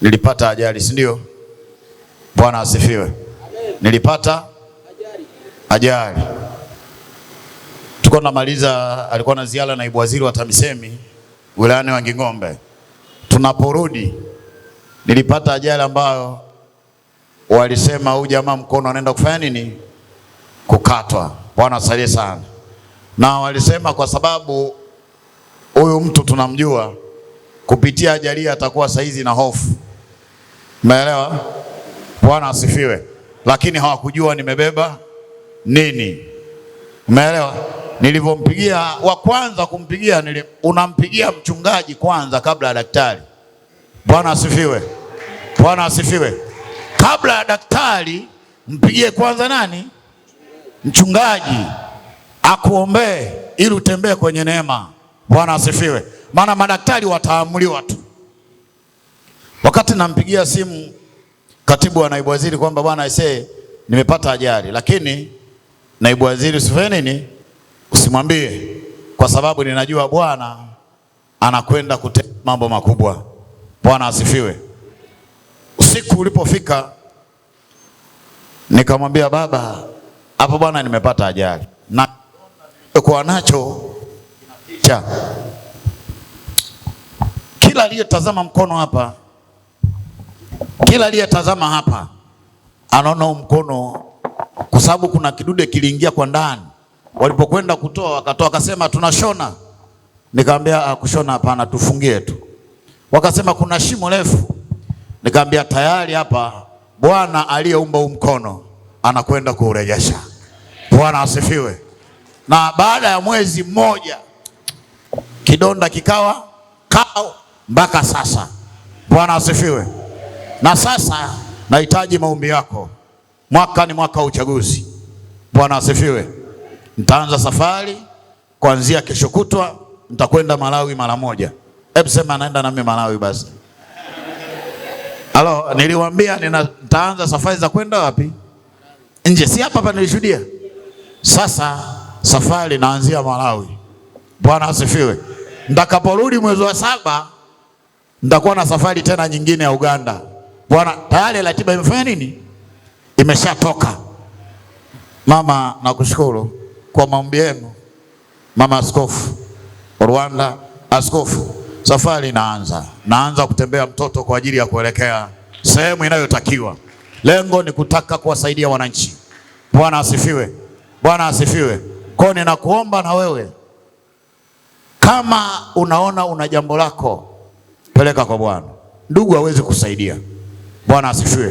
Nilipata ajali, si ndio? Bwana asifiwe. Nilipata ajali, tuko namaliza, alikuwa na ziara naibu waziri wa TAMISEMI wilayani Wanging'ombe. Tunaporudi nilipata ajali ambayo walisema huyu jamaa mkono anaenda kufanya nini? Kukatwa. Bwana asalie sana. Na walisema kwa sababu huyu mtu tunamjua kupitia ajali atakuwa saizi na hofu Naelewa. Bwana asifiwe. Lakini hawakujua nimebeba nini. Umeelewa? Nilivyompigia wa kwanza kumpigia nili, unampigia mchungaji kwanza kabla ya daktari. Bwana asifiwe. Bwana asifiwe. Kabla ya daktari mpigie kwanza nani? Mchungaji akuombee ili utembee kwenye neema. Bwana asifiwe. Maana madaktari wataamuliwa tu. Wakati nampigia simu katibu wa naibu waziri kwamba bwana aisee, nimepata ajali, lakini naibu waziri usifanye nini, usimwambie, kwa sababu ninajua bwana anakwenda kutenda mambo makubwa. Bwana asifiwe. Usiku ulipofika, nikamwambia baba, hapo bwana, nimepata ajali na kwa nacho cha Kila aliyetazama mkono hapa kila aliyetazama hapa anaona mkono, kwa sababu kuna kidude kiliingia kwa ndani. Walipokwenda kutoa, wakatoa wakasema, tunashona. Nikamwambia ah, kushona hapana, tufungie tu. Wakasema kuna shimo refu. Nikamwambia tayari hapa Bwana aliyeumba huu mkono anakwenda kuurejesha. Bwana asifiwe. Na baada ya mwezi mmoja kidonda kikawa kao mpaka sasa. Bwana asifiwe. Na sasa nahitaji maombi yako. Mwaka ni mwaka wa uchaguzi. Bwana asifiwe. Nitaanza safari kuanzia kesho kutwa, nitakwenda Malawi mara moja. Hebu sema naenda nami Malawi basi. Halo, niliwaambia nitaanza safari za kwenda wapi? Nje, si hapa hapa nilishuhudia. Sasa safari naanzia Malawi. Bwana asifiwe. Nitakaporudi mwezi wa saba nitakuwa na safari tena nyingine ya Uganda. Bwana tayari ratiba imefanya nini? Imeshatoka. Mama, nakushukuru kwa maombi yenu, mama askofu Rwanda, askofu, safari inaanza, naanza kutembea mtoto kwa ajili ya kuelekea sehemu inayotakiwa. Lengo ni kutaka kuwasaidia wananchi. Bwana asifiwe, Bwana asifiwe. Kwa ninakuomba na wewe kama unaona una jambo lako, peleka kwa Bwana. Ndugu hawezi kusaidia Bwana asifiwe.